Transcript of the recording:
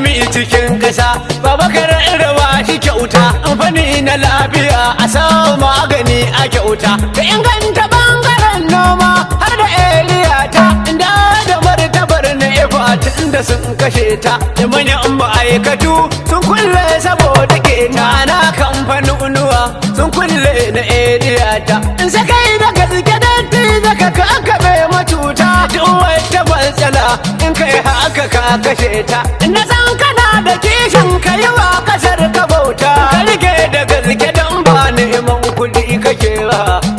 mi cikin kasa Baba kare rawa shi kyauta amfani na lafiya a samu magani a kyauta da inganta bangaren noma har da eliya ta inda da martabar na ifatin da sun kashe ta da manyan ma'aikatu sun kulle saboda ke ta na kamfanunuwa sun kulle na eliya ta in sakai da gaske datti ka aka in kai haka ka kashe ta na san kana da kishin ka yi wa kasar ka bauta ka rike da gaske don ba neman kuɗi kake ba